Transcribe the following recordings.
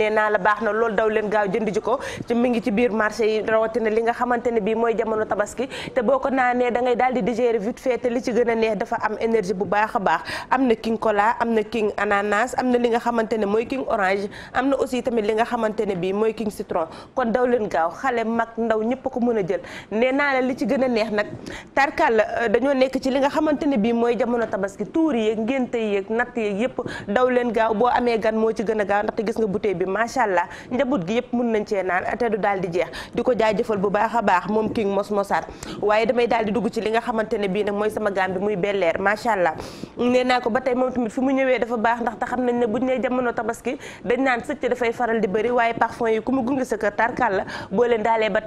nee naa la baax na loolu daw leen gaaw jënd ji ko ci mi ngi ci biir marché yi rawatina li nga xamante ne bii mooy jamono tabaski te boo ko naanee da ngay daal di digérer vite fait te li ci gën a neex dafa am énergie bu baax a baax am na king cola am na king ananas am na li nga xamante ne mooy king orange am na aussi tamit li nga xamante ne bii mooy king citron kon daw leen gaaw xale mag ndaw ñëpp ko mën a jël nee naa la li ci gën a neex nag tarkal euh, dañoo nekk ci li nga xamante ne bii mooy jamono tabaski tuur yeeg ngénte yeeg natt yeeg yëpp daw leen gaaw boo amee gan moo ci gën a gaaw ndaxte gis nga bouteille bi macha allah njaboot gi yëpp mun nañ cee naan te du daal di jeex di ko jaajëfal bu baax a baax moom king mos mosaat waaye damay daal di dugg ci li nga xamante ne bii nag mooy sama gaam bi muy belleer macha allah nee ko ba tey moom tamit fi mu ñëwee dafa baax ndax te xam ne buñ nee jamono tabaski dañ naan sëcc dafay faral di bëri waaye parfum yi ku mu gunge sa kër tarkal la boo leen taalee ba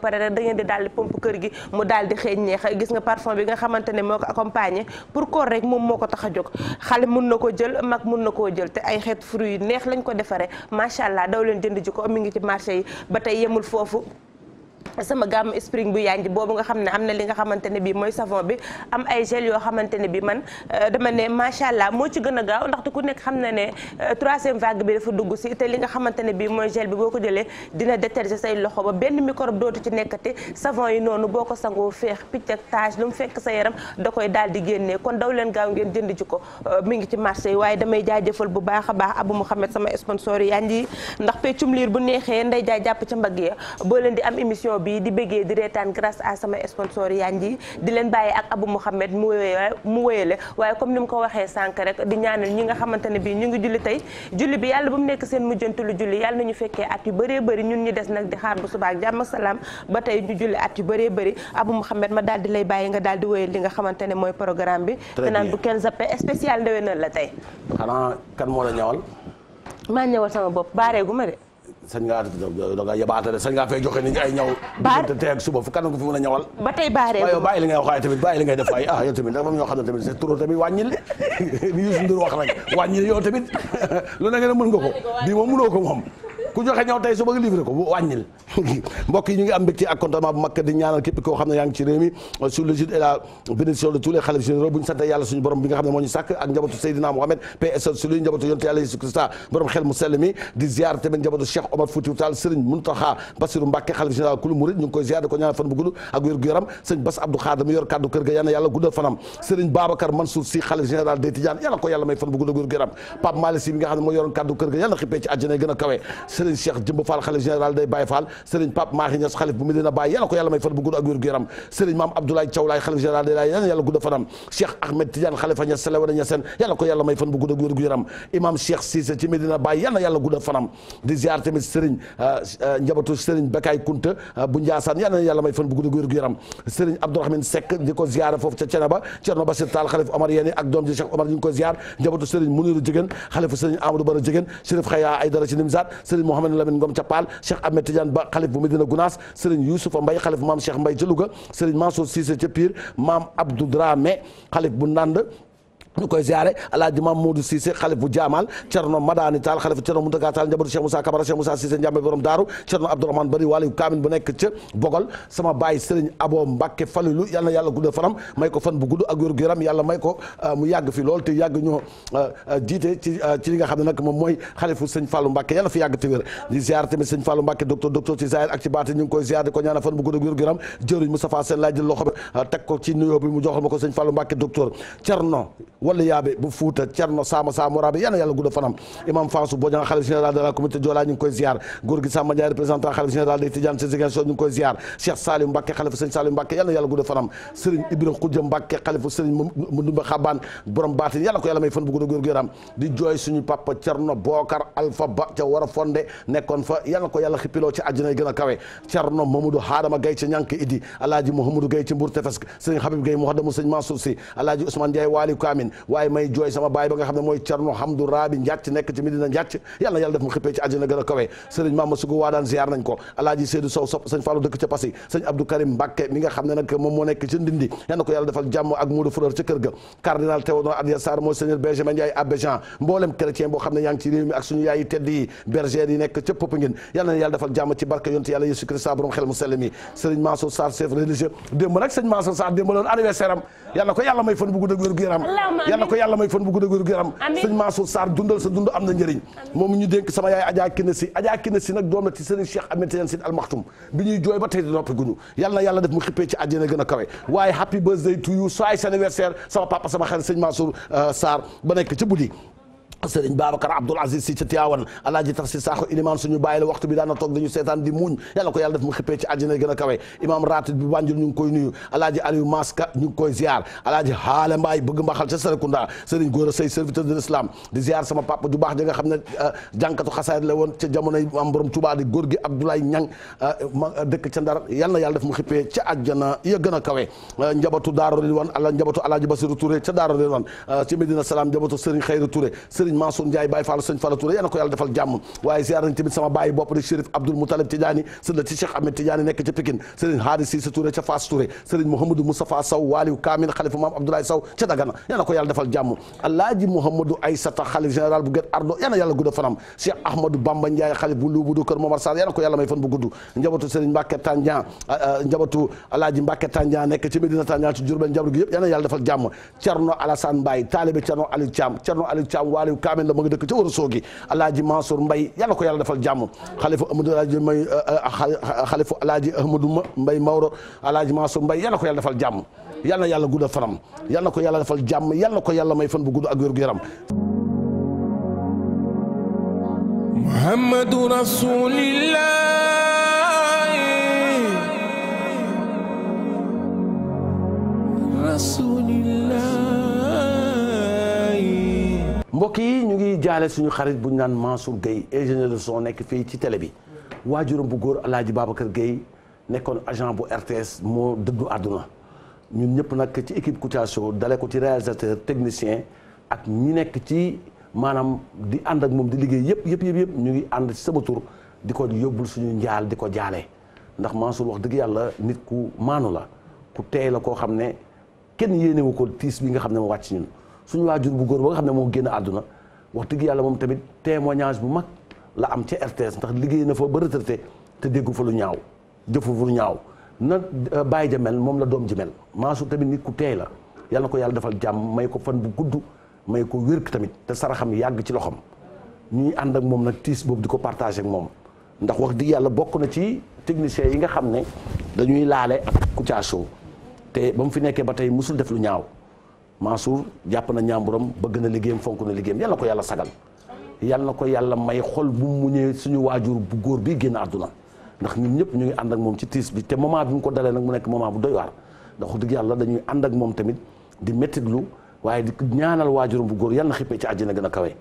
pare rek da ngeen di daal di kër gi mu daal xeeñ bi ne a jóg xale na koo jël mag mun na koo jël te ay xeet fruit neex lañ ko defare defaree macha allah daw leen jënd ji ko mi ngi ci marché yi ba tey yemul foofu. sama gamme spring bu yànj boobu nga xam ne am na li nga xamante ne mooy savon bi am ay gel yoo xamante ne bii man euh, dama ne macha allah moo ci gën a gaaw ndaxte ku nekk xam na ne euh, troisième vague bi dafa dugg si te li nga xamante ne bii mooy gel bi boo ko jëlee dina déterger say loxo ba benn microbe dootu ci nekkati savon yi noonu boo ko sangoo feex picc ak tache lu mu fekk sa yaram da koy daal di génnee kon daw leen gaaw ngeen jënd ji ko euh, mi ngi ci marché yi waaye damay jaajëfal bu baax a baax Abou Mouhamed sama sponsor yi yànj yi ndax peccum liir bu neexee jaay jàpp ca mbagg ya boo leen di am émission bii di bëggee di reetaan grâce à sama sponsor yanji di leen bàyyi ak Abou Mouhamed mu wéyale mu woyee wéyale waaye comme ni mu ko waxee sànq rek di ñaanal ñi nga xamante ne bii ñu ngi julli tey julli bi yàlla bu mu nekk seen mujjantalu julli yàlla ñu fekkee at yu bëree bëri ñun ñu des nag di xaar bu subaak jàmm ak salaam ba tey ñu julli at yu baree bëri abu Mouhamed ma daal di lay bàyyi nga daal di wéyal li nga xamante ne mooy programme bi te naan bu kenn zappe spécial ndewenal la tey xanaa kan moo la ñawal maa ñawal sama bopp baareegu ma sañ ngaa da ngaa yabaate de sañ ngaa fay joxe ni ay ñaw. baar te tey suba fu kan fi mën a ñawal. ba tey baaree ko li ngay wax tamit bàyyi li ngay def waaye ah tamit dafa am tamit c'est trop tamit wàññil li Youssou Ndour tamit lu ne nga ne mën nga ko moom mënoo ko moom. ku joxe ñëw tey suba nga livré ko wàññil mbokk yi am mbégte ak contentement bu mag di ñaanal képp koo xam ne yaa ngi ci réew mi euh, sous l'égide de tous les xalifes bu ñu sante yàlla suñu borom bi nga xam su luy njabootu yonte yàlla borom xel mu di ziar tamit njabootu Cheikh Omar Foutiou Tall Serigne Mountakha Bassirou Mbacké xalif général kulu murid ñu ngi di ko ñaanal fan général des Tidianes yal ko yàlla may Serigne Cheikh Jëmb Fall xalif général day Baye Fall Serigne Pape Mahi Niass xalif bu Medina Baye yàlla ko yàlla may fan bu gudd ak wér gu yaram Serigne Mame Abdoulaye Thiaw Laye day laay yàlla yàlla gudd fanam Cheikh Ahmed Tidiane xalifa Niass Salewana Niassène yàlla ko yàlla may fan bu gudd ak wér gu yaram Imam Cheikh Cissé ci Medina Baye yàlla yàlla gudd fanam di Yeni ak doom ji Cheikh Omar ñu ko ziar njabootu Serigne Muniru Jigéen xalifa Serigne Amadou Bara Mouhamed Lamine Ngom ca Paal Cheikh Ahmed Tidiane Ba xalif bu Medina Gounass Serigne Youssoufa Mbaye xalif maam Cheikh Mbaye ca Louga Serigne Mansour Cissé ca Pire maam Abdou Dramé xalif bu Ndande ñu koy ziare alaaji maam Modou Cissé xalif bu jaamal cerno madani taal xalif cerno Mountaga taal njabootu Cheikh Moussa Kabara Cheikh Moussa Cissé njambe borom daaru cerno Abdourahmane Bari waliyu kaamin bu nekk ca Bogol sama baay Serigne Abo Mbacke Falilu yal yàlla guddal fanam may ko fan bu gudd ak wér gu yaram yàlla may ko euh, mu yàgg fi lool te yàgg ñoo euh, euh, jiite ci ci li nga xam ne nag moom mooy xalifu sëñ Fallou Mbacke yàlla fi yàgg te wér di ziare tamit sëñ Fallou Mbacke docteur docteur ko ñaanal fan bu gudd ak ko ci nuyoo mu joxal ko sëñ Fallou Mbacke docteur cerno walla yaaɓe bo Fouta Thierno Sama Samouraɓe yal na yàlla gudd fanam imam Fansou Bodian xalif général de la communauté Joola ñu ngi koy ziar góor gi Samba Ndiaye représentant ngi koy ziar yal na yàlla gudd fanam Serigne Ibrahima Khoudia Mbacké xalifu Serigne Mudumba Xabaan borom baatin yàlla ko yàlla may fan bu gudd góor yaram di jooy suñu papa Thierno Bokar Alpha Ba ca war a nekkoon fa yàlla ko yàlla xippiloo ci àjjana yi a kawe Thierno Mamadou Hadama Gaye ci Mbour Tefes Serigne waaye may jooy sama baay ba nga xam ne mooy Cerno Hamdu Raabi Njàcc nekk ci Medina Njàcc yàlla yàlla def mu xëppee ci àjjana kawe sëriñ Mama Sugu waa daan ziar nañ ko alaaji Seydou Sow sopp sëñ Fallou dëkk ca Passy sëñ Abdou Karim Mbacke mi nga xam ne nag moom moo nekk ci Ndindi yal ko yàlla defal jàmm ak Moudou Fleur ca kër ga cardinal Théodore Adrien mooy seigneur Benjamin Ndiaye abbé mboolem chrétien boo xam ne yaa ci réew ak suñu yaayi tedd yal ko yalla may fan bu gudd a gudd yaram sëñ Mansour Sarr dundal sa dund am na njëriñ moom ñu dénk sama yaay Adja Kine Si Adja Kine Si nag doom la ci sëriñ Cheikh Ahmed Tidiane Sy Al Maktoum bi ñuy jooy ba tey di noppi guñu yal na yàlla def mu xippee ci àjjana gën a kawe waaye happy birthday to you so ay anniversaire sama papa sama xarit sëñ Mansour euh, Sarr ba nekk ci buddi sëriñ Babacar Abdoul Aziz si ca Tiwaawan alaaji tafsir saaxo ilimaan suñu bàyyi la waxtu bi daana toog dañu seetaan di a kawe ñu ngi di ziar sama papa ju baax euh, la woon ca jamonoy am euh, euh, def mu xippee ca àjjana ya gën a kawe njabatu Daaro Rilwan ala njabatu alaaji Basiru Touré ca Daaro Rilwan ci Medina Salaam njabatu sëriñ Xayru Touré sëriñ Serigne Mansour Ndiaye Baye Fallou Serigne Fallou Touré na ko yàlla defal jàmm waaye ziar nañ tamit sama baay bopp di Chérif Abdoul Moutalib Tidiane sët la ci Ahmed Tidiane nekk ca Pikine Serigne Hadi Cissé Touré ca Fass Touré Serigne Mouhamadou Moustapha Sow Waliou Dagana yal ko yàlla defal jàmm Alaaji Mouhamadou Aïssata xalif général bu Ardo yal na yàlla fanam Cheikh Ahmadou Bamba Ndiaye xalif bu Luubu du Kër Momar ko yàlla may fan kaamil la ma nga dëkk ca warasoo gi alaaji Mansour Mbay ko yàlla defal jàmm xalifu Amadou may euh, euh, ah, xalifu alaaji Ahmadou Mbay Mawro alaaji Mansour Mbay yàlla ko yàlla na ko yàlla defal jàmm yàlla na ko yàlla may fan bu gudd ak yaram mbokk yi ñu ngi jaale suñu xarit bu ñu naan Mansour Gueye ingénieur de son nekk fii ci tele bi waajuram bu góor Alaaji kër Gueye nekkoon agent bu RTS moo dëddu àdduna ñun ñëpp nag ci équipe Kouthia Show dale ko ci réalisateur technicien ak ñu nekk ci maanaam di ànd ak moom di liggéey yëpp yëpp yëpp ñu ngi ànd ci sama tur di ko yóbbul suñu njaal di ko jaale ndax Mansour wax dëgg yàlla nit ku maanu la ku teey la koo xam ne kenn yéenewu ko tiis bi nga xam ne mu wàcc ñun suñu waajur bu góor ba nga xam ne moo génn àdduna wax dëgg yàlla moom tamit témoignage bu mag la am ca RTS ndax liggéey na fa ba retraité te déggu fa lu ñaaw jëfu fa lu ñaaw na euh, bàyyi ja mel moom la doom ji mel Mansour tamit nit ku teey la yàlla ko yàlla defal jàmm may ko fan bu gudd may ko wér tamit te saraxam yàgg ci loxom ñuy ànd ak moom nag tiis boobu di ko partagé ak moom ndax wax dëgg yàlla bokk na ci techniciens yi nga xam ne dañuy laale ak Kouthia te ba fi nekkee ba tey musul def lu ñaaw Mansour jàpp na ñaamburam bëgg na liggéeyam fonk na liggéeyam yal na ko yàlla sagal yal na ko yàlla may xol bu mu muñee suñu waajur bu góor bii génn àdduna ndax ñun ñëpp ñu ngi ànd ak moom ci tiis bi te moment bi mu ko dalee nag mu nekk moment bu doy waar ndax wax dëgg yàlla dañuy ànd moom tamit di méttitlu waaye di ñaanal waajuram bu góor yal na xippee ci àjjana gën a kawe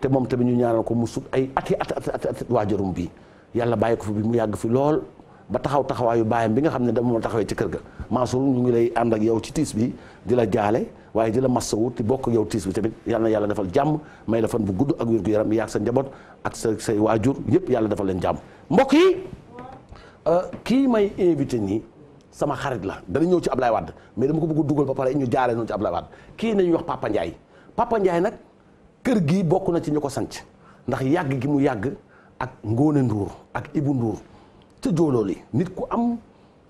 te moom tamit ñu ñaanal ko mu sut ay ati ati ati ati waajuram bii yàlla bàyyi ko fi bi mu yàgg fi lool ba taxaw taxawaayu baayam bi nga xam ne dama ma taxawee ci kër ga Mansour ñu ngi lay ànd ak yow ci tiis di la jaale waaye di la masawu ti bokk yow tiis bi tamit yal yàlla defal jàmm may la fan bu gudd ak wér-gu-yaram yaag sa njaboot ak sa say waajur yëpp yàlla defal leen jàmm mbokk yi euh, kii may invité nii sama xarit la dana ñëw ci Ablaye Wade mais dama ko bëgg dugal ba pare ñu jaaree noonu ci Ablaye Wade kii nañuy wax Papa Ndiaye nag kër gi bokk na ci ñu ko sanc ndax yàgg gi mu yàgg ak Ngóone Nduur ak Ibu Nduur ca joolool nit ku am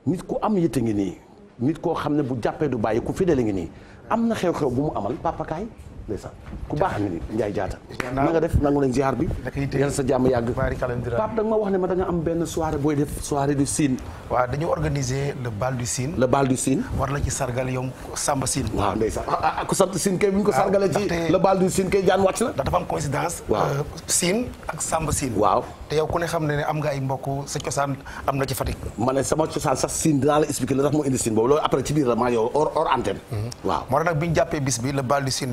nit ku am yitte ngi nii nit koo xam ne bu jàppee du bàyyi ku fidèle ngi nii am na xew-xew bu mu amal Papa Kaay ndeysaan ku baax nga ni Ndiaye Diatta na nga def nangu nañ ziar bi yal sa jàmm yàgg Pape da nga ma wax ne ma da nga am benn soirée booy def soirée du Sine waaw dañu organiser le bal du Sine la ci ah, ah, ah, du Sine kay jaan wàcc na dafa am coïncidence waaw euh, Sine ak Samba Sine waaw te yow ku ne xam ne am nga ay mbokk sa cosaan am na ci Fatick ma ne sama cosaan sax Sine dinaa expliquer la tax moo indi Sine boobu loolu après ci biir la maa yow hors hors antenne mhm. moo tax nag bi jàppee bis bi le bal du Sine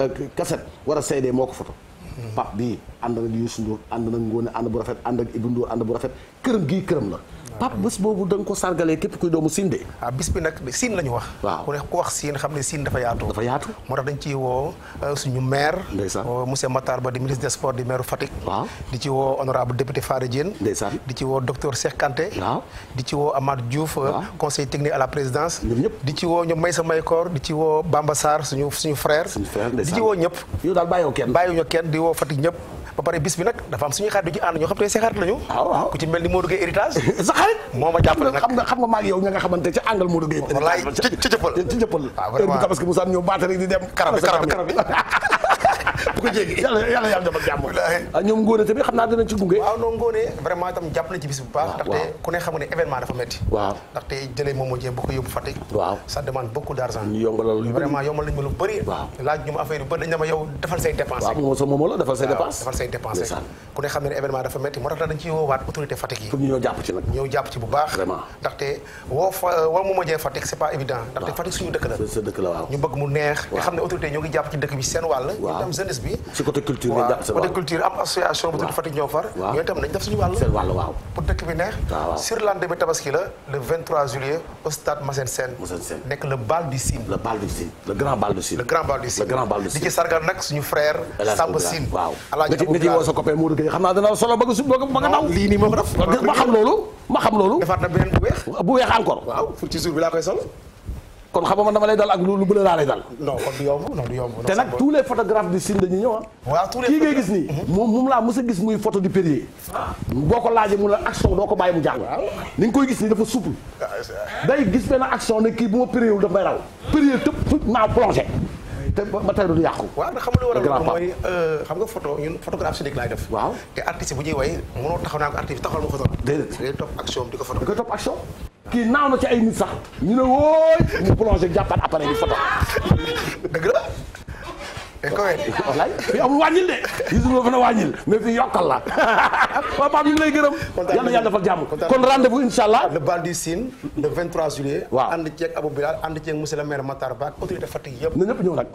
Euh, cassette war a CD moo ko photo pap bii ànd na Youssou Ndour ànd na Ngoné ànd bu rafet ànd ak Ibou Ndour ànd bu rafet këram gii këram la Pape bés boobu da nga ko sargalee képp kuy doomu Sine de. ah bis bi nag Sine la ñu wax. waaw ku ne ku wax Sine xam ne Sine dafa yaatu. dafa yaatu moo tax dañ ciy woo euh, suñu maire. ndeysaan monsieur Matar Ba di ministre des sports di maire Fatick. di ci woo honorable député Fara Diène. ndeysaan di ci woo docteur Cheikh di ci woo Amath Diouf. Euh, conseil technique à la présidence. ñëpp di ci woo ñoom may Maykor di ci woo Bamba Sarr suñu suñu frère. suñu frère di ci woo ñëpp. yow daal bàyyiwoo kenn bàyyiwuñu kenn di woo Fatick ñëpp. ba pare bis bi nag dafa am suñuy xarit du ci ànd ñoo xam te seen xarit lañu ku mel ni Modou Gueye héritage sa xarit moo ma jàppale nag xam nga xam nga maag yow ña nga xamante ci àngal Modou Gueye wallaay ci jëppal ci jëppal waaw parce que Moussa ñëw baata rek di dem karab karab karab bu ko jéggi yàlla yàlla yàlla dama jàmm ah, jàpp jàpp bu baax ndaxte woo woo moom moo jëm c'est pas évident ndaxte Fatick suñu dëkk la ñu bëgg mu neex te xam ne autorité ñoo ngi jàpp ci dëkk bi seen wàll jeunesse bi. si côté culture ngeen am association bu tudd Fatick far. waaw ñooy nañ def suñu wàll. waaw pour dëkk bi neex. waaw sur tabaski la le 23 juillet au stade nekk le bal du Sine. le bal du Sine le grand bal du Sine. le grand bal du Sine le grand bal di ci sargal nag suñu frère. Samba Sine waaw. nga ci nga ci woo sa copain Modou Gueye xam naa dana solo ba nga su ba nga daw. lii nii moom raf ma xam loolu ma xam bu weex. bu weex encore. waaw pour ci kon xam nga dama lay dal ak lu lu bële lay dal. non kon du yomb non du yomb. te nag tous les photographes du Sine dañuy ñëw ah. kii ngay gis nii. moom moom laa mës a gis muy photo du Perrier. boo ko laajee mu ne action doo ko bàyyi mu jàng. ni nga koy gis nii dafa souple. Ah, day gis benn action ne kii bu ma Perrier wul daf may raw. Perrier tëpp naa plongé. te ba tey du yàqu. waaw xam nga li war a mooy euh, xam nga photo ñun photographe si laay def. waaw te artiste bu ñuy way mënoo taxaw naa ko artiste kii naaw na ci ay nit sax ñu ne wooy ñu plongé jàppaat appareil bi photo dëgg la wallaay amul wàññil de Youssou Ndour fa na wàññil mais fii yokkal la waaw Pape ñu ngi lay gërëm yal na yàlla defal jàmm kon rendez-vous insha na ñëpp ñëw nag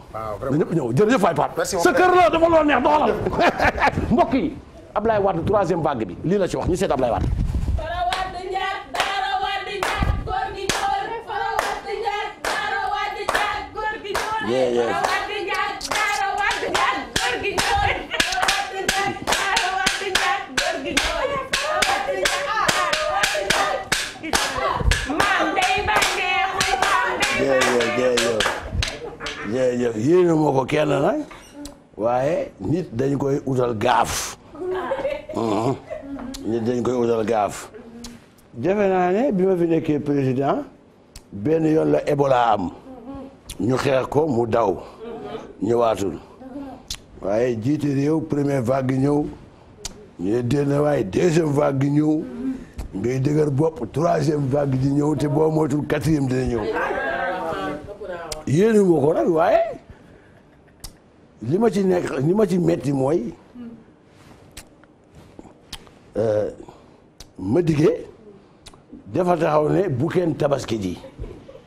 na ñëpp ñëw jërëjëf waay Pape sa kër la dafa loo neex doxalal mbokk yi Ablaye Wade troisième vague bi lii la ci wax ñu seet Ablaye Wade yeah yeah jërëjëf yéene moo ko kenn nag waaye nit dañ koy utal gaaf mhm. nit dañ koy utal gaaf defe naa ne bi ma fi nekkee président benn yoon la Ebola am ñu xeex ko mu daw ñëwaatul waaye jiite réew première vague yi ñëw ñu ne déedéet waaye deuxième vague yi ñëw ngay dëgër bopp troisième vague di ñëw te boo moytul quatrième dina ñëw yéen moo ko nag waaye li ma ci nekk li ma ci metti mooy euh, ma diggee dafa taxaw ne bu kenn tabaski ji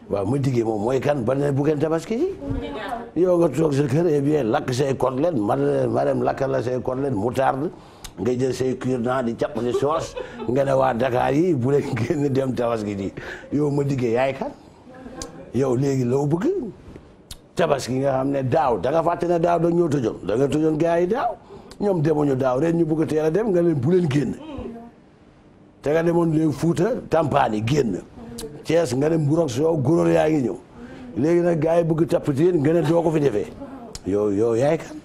waaw ma diggee moom mooy kan ba ne bu tabaski ji yow nga toog sa kër eh bien lakk say côtelette marem lakkal la say côtelette moutarde nga jël say cure naa di jàpp ne soos nga ne waa Dakar yi bu leen génn dem tabaski di yow ma diggee yaay kan yow léegi loo bëgg tabaski nga xam ne daaw danga nga fàtte daaw da ñoo tëjoon da nga tëjoon gars yi daaw ñoom demuñu daaw ren ñu bëgg a teel a dem nga leen bu leen génn te nga demoon léegi Fuuta Tampaani génn cees nga ne mburu ak soow yaa ngi ñëw léegi nag gars yi bëgg tappitiin nga ne doo ko fi defee yow yow yaay kan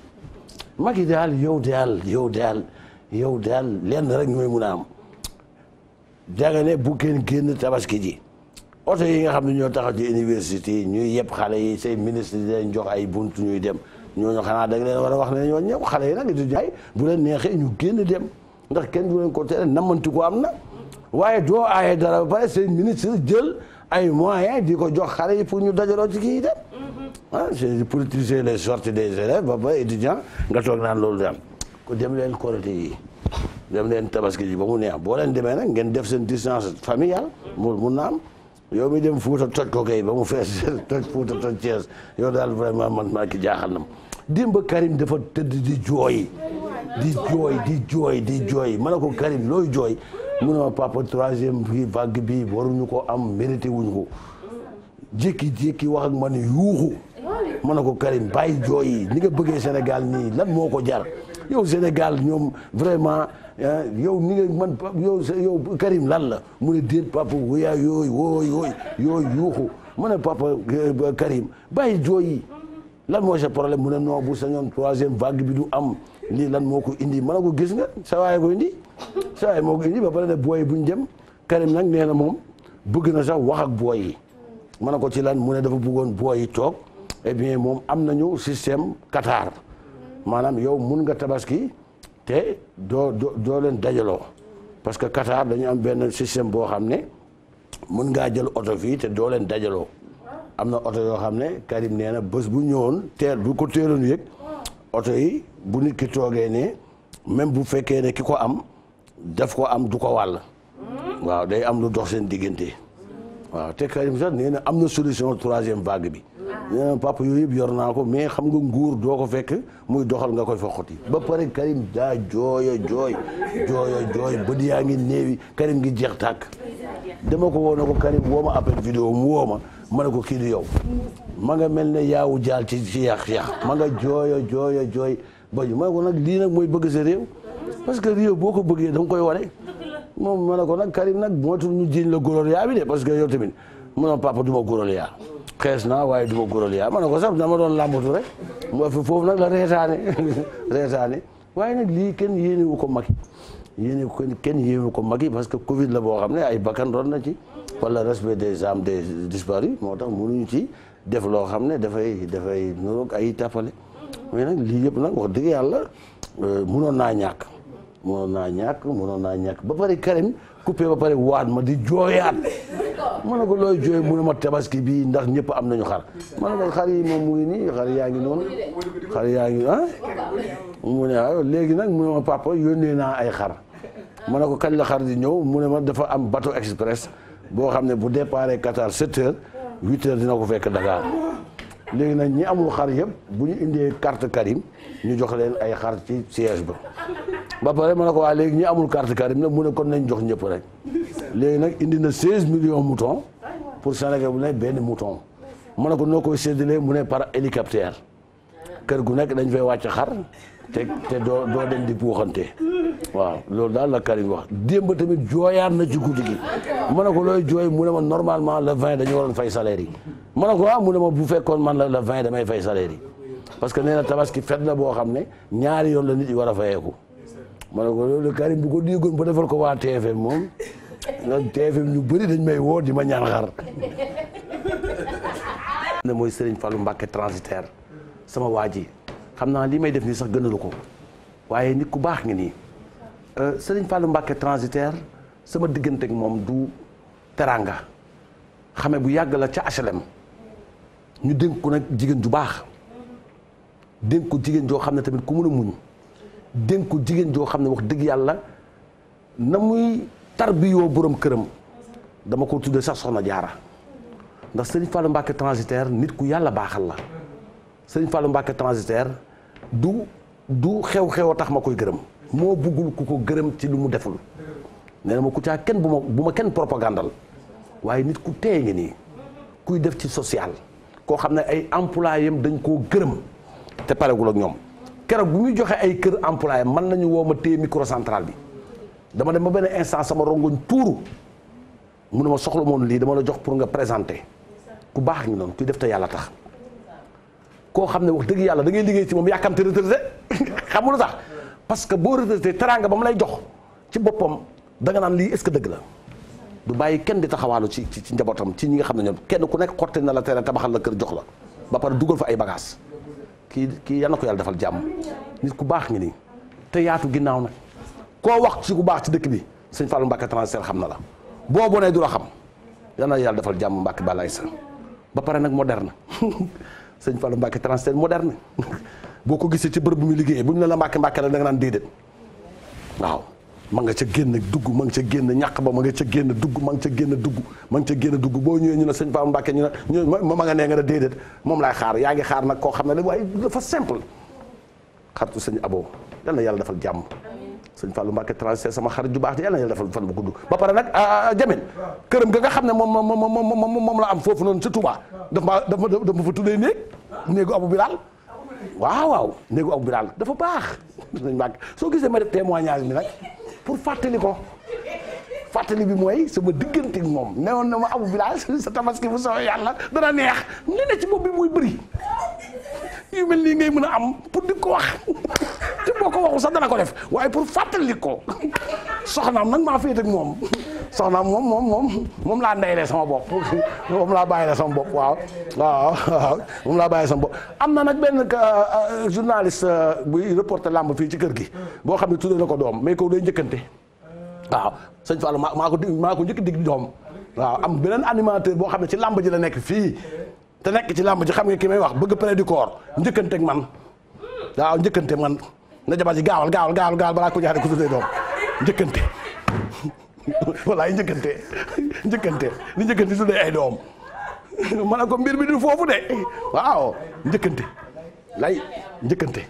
Macky daal yow daal yow daal yow daal lenn rek ñooy mun a am danga ne bu kenn génn tabaski ji oto yi nga xam ne ñoo taxaw ci université yi ñuy yeb xale yi sey ministre di leen jox ay bunt ñuy dem ñooñu xanaa da nga leen war a wax ne ñoo ñëw xale yi nag di jaay bu leen neexee ñu génn dem ndax kenn du leen ko tere namanti ko am na waaye doo aaye dara ba pare seen ministre jël ay moyens di ko jox xale yi pour ñu dajaloo ci kii dem mm-hmm. ah c'est politiser les sorties des élèves ba ba étudiants nga toog naan loolu daal ko dem leen korité dem leen tabaski ji ba mu neex boo leen demee nag ngeen def seen distance familial mu mun na am yow mi dem Fuuta toj ko yi ba mu fees toj Fuuta toj Thiès yow daal vraiment man maa ki jaaxal na ma démb Karim dafa tëdd di jooy di jooy di jooy di jooy ma ne ko Karim looy jooy mu ne ma papa troisième bi vague bi waruñu ko am wu wuñu ko jikki jékki wax ak man yuuxu ma ne ko Karim bay jooy yi ni nga bëggee Sénégal nii lan moo ko jar yow Sénégal ñoom vraiment yow ni nga man yow yow Karim lan la mu ne déet papa wuya yooyu wooy wooy yooyu yuuxu ma ne papa Karim bàyyi jooy yi lan moo sa problème mu ne non bu sañoon troisième vague bi du am lii lan moo ko indi mën na ko gis nga sa waay ko indi sa moo ko indi ba pare booy bu buñ dem Karim nag nee na moom bëgg na sax wax ak booy yi mën na ko ci lan mu ne dafa buggoon booy yi toog eh bien moom am nañu système Qatar maanaam yow mun nga tabaski te doo doo leen dajaloo parce que Qatar dañu am benn système boo xam ne mun ngaa jël oto fii te doo leen dajaloo am na oto yoo xam ne Karim nee na bés bu ñëwoon teel bu ko teeloon yëg oto yi. bu nit ki toogee ne même bu fekkee ne ki ko am def ko am du ko wàll waaw day am lu dox seen diggante waaw te Karim sax nee na am na solution troisième vague bi nee yooyu yëpp yor naa ko mais xam nga nguur doo ko fekk muy doxal nga koy foqati ba pare Karim daa jooyo jooy jooyo jooy bët yaa ngi néewi Karim ngi jeex tàkk dama ko woo ne ko Karim woo ma appel vidéo mu woo ma ma ne ko kii du yow ma nga mel na yaawu jaal ci ci yàq ma nga jooyo jooyo jooy bañu ma ne ko nag lii nag mooy bëgg sa réew parce que réew boo ko bëggee da nga koy wane moom ma ne ko nag Karim nag moytul ñu jiñ la goroliyaa bi de parce que yow tamit mu ne papa du ma goroliyaa xees naa waaye du ma goroliyaa ma ne ko sax dama doon làmbatu rek mu foofu nag la reetaane reetaane waaye nag lii kenn yéenewu ko Macky yéene ko kenn yéene ko Macky parce que Covid la boo xam ne ay bakkan ron na ci wala respect des âmes des disparus moo tax mënuñu ci def loo xam ne dafay dafay ay tappale mais nag lii yëpp nag wax dëgg yàlla euh, mënoon naa ñàkk mënoon naa ñàkk mënoon naa ñàkk ba pare Karim coupé ba pare waat ma di jooyaat ma ne ko looy jooy mu ne ma tabaski bii ndax ñëpp am nañu xar ma ne yi moom mu ngi nii xar yaa ngi noonu xar yaa ngi ah mu ah, léegi nag mu ma papa yónnee naa ay xar ma ne ko kañ la xar di ñëw mu ne ma dafa am bato express boo xam ne bu départ Qatar 7 heures 8 dina ko fekk Dakar léegi nag ñi amul xar yëpp bu ñu indee carte Karim ñu jox leen ay xar ci siège ba ba pare ma ne ko waa léegi ñu amul carte Karim nag mu ne kon nañ jox ñëpp rek léegi nag indi na 16 million mouton pour Sénégal bu ne benn mouton ma ne ko noo koy séddalee mu ne par hélicoptère kër gu nekk dañ fay wàcc xar te te doo doo dem di buuxante waaw loolu daal la Karim wax démb tamit jooyaan na ci guddi gi ma ne ko looy jooy mu ne ma normalement la 20 dañu waroon fay salaire yi ma ko ah mu ne ma bu fekkoon man la le 20 damay fay salaire parce que nee na tabaski fête la boo xam ne ñaari yoon la nit yi war a fayeeku ma ne ko loolu Karim bu ko déggoon ba defal ko waa TFM moom nag TFM ñu bëri dañ may woo di ma ñaan xar ne mooy Serigne falu Mbacké transitaire sama waa ji xam naa lii may def nii sax gënalu ko waaye nit ku baax nga nii euh, Serigne Fallou Mbacké transitaire sama diggante ak moom du teraanga xame bu yàgg la ca HLM ñu dénk ko nag jigéen ju baax dénk ko jigéen joo xam ne tamit ku mun a muñ dénk jigéen joo xam ne wax dëgg yàlla na muy tarbiyoo boroom këram dama ko tuddee sax soxna jaara ndax Serigne Fallou Mbacké transitaire nit ku yàlla baaxal la sëñ Fallou Mbacke transitaire du du xew-xew a tax ma koy gërëm moo buggul ku ko gërëm ci lu mu deful nee ma ku Kouthia kenn bu ma bu ma kenn propagandal waaye nit ku teye ngi nii kuy def ci social koo xam ne ay yam dañ koo gërëm te paregul ak ñoom keroog bu ñu joxe ay kër employé mën nañu woo ma téye microcentral bi dama dem ba benn instant sama rongoñ tuuru mu ne ma soxla moon lii dama la jox pour nga présenter ku baax ngi noonu kuy def te yàlla tax koo xam ne wax dëgg yàlla da ngay liggéey ci moom yàkkamte retraité xam nga lu tax parce que boo retraité teraanga ba mu lay jox ci boppam da nga naan lii est-ce que dëgg la du bàyyi kenn di taxawaalu ci ci njabootam ci ñi nga xam ne ñoom kenn ku nekk xotti na la tere tabaxal la kër jox la ba pare dugal fa ay bagages kii kii yal na ko yàlla defal jàmm nit ku baax ngi nii te yaatu ginnaaw nag koo wax ci ku baax ci dëkk bi suñ Fallou Mbacke transfert xam na la boo bonee du xam yal na yàlla defal jàmm Mbacke balaay sa ba pare nag moderne sëñ Fallou Mbacke transfert moderne boo ko gisee ci bërëb bu muy liggéeyee bu ñu ne la Mbacke Mbacke la da nga naan déedéet waaw man nga ca génn dugg ma nga ca génn ñàq ba ma nga ca génn dugg ma nga ca génn dugg ma ca génn dugg boo ñëwee ñu ne sëñ Fallou Mbacke ñu ne ñu ma nga nee nga ne déedéet moom laay xaar yaa ngi xaar nag koo xam ne la waaye dafa simple xaritu sëñ Abo yal na yàlla defal jàmm sëñ Fallou Mbacke transfert sama xarit ju baax yàlla na yàlla defal fan bu gudd ba pare nag ah, ah, jamin këram ga nga xam ne moom moom moom la am foofu noonu ci Touba daf ma daf ma daf ma fa tuddee néeg néegu bi Bilal waaw waaw néegu Abou daal dafa baax sëñ Mbacke soo gisee ma def témoignage mi nag pour fàttali ko fàttali bi mooy sama diggante ak moom newoon na ma Abou Bilal sa tabaski bu soobee yàlla dana neex li ne ci bopp bi mooy bëri yu mel nii ngay mën a am pour di ko wax même boo ko waxul sax dana ko def waaye pour fàttali ko soxnaam nag maa féet ak moom soxnaam moom moom moom moom laa ndeylee sama bopp moom laa bàyyilee sama bopp waaw waaw laa bàyyilee sama bopp am na nag benn euh, euh, journaliste euh, buy reporter làmb fii ci kër gi boo xam ne tuddee na ko doom mais ko day njëkkante waaw sëñ Fallou maa maa ko maa ko njëkk dig doom waaw am beneen animateur boo xam ne ci làmb ji la nekk fii te nekk ci làmb ji xam nga ki may wax bëgg près du corps njëkkante ak man waaw njëkkante man na jabar ji gaawal gaawal gaawal gaawal balaa ko jaxate ku tuddee doom njëkkante walaay njëkkante njëkkante li njëkkante tuddee ay doom ma ne ko mbir mi du foofu de waaw njëkkante lay njëkkante